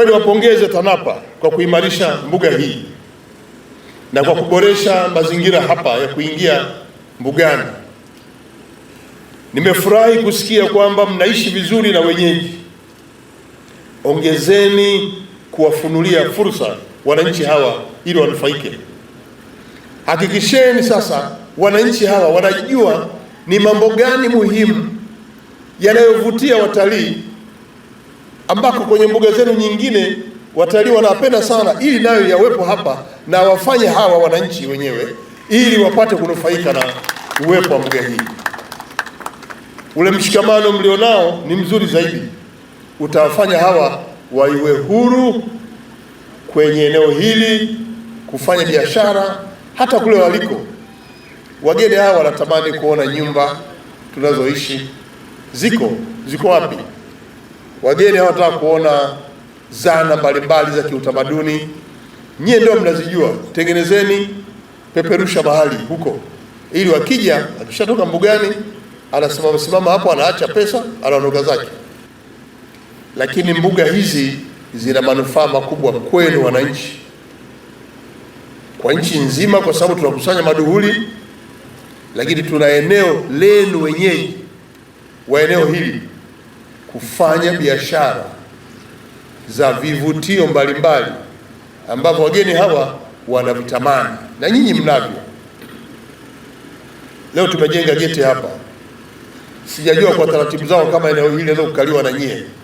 hiyo wapongeze TANAPA kwa kuimarisha mbuga hii na kwa kuboresha mazingira hapa ya kuingia mbugani. Nimefurahi kusikia kwamba mnaishi vizuri na wenyeji. Ongezeni kuwafunulia fursa wananchi hawa ili wanufaike. Hakikisheni sasa wananchi hawa wanajua ni mambo gani muhimu yanayovutia watalii ambako kwenye mbuga zenu nyingine watalii wanapenda sana, ili nayo yawepo hapa na wafanye hawa wananchi wenyewe, ili wapate kunufaika na uwepo wa mbuga hii. Ule mshikamano mlionao ni mzuri zaidi, utawafanya hawa waiwe huru kwenye eneo hili kufanya biashara. Hata kule waliko wageni hawa wanatamani kuona nyumba tunazoishi ziko ziko wapi? Wageni hawataka kuona zana mbalimbali za kiutamaduni, nyie ndio mnazijua, tengenezeni, peperusha mahali huko, ili wakija, akishatoka mbugani anasimama simama hapo, anaacha pesa, anaondoka zake. Lakini mbuga hizi zina manufaa makubwa kwenu wananchi, kwa nchi nzima, kwa sababu tunakusanya maduhuli, lakini tuna eneo lenu wenyeji wa eneo hili kufanya biashara za vivutio mbalimbali ambavyo wageni hawa wanavitamani na nyinyi mnavyo. Leo tumejenga geti hapa, sijajua kwa taratibu zao kama eneo hili leo kukaliwa na nyie.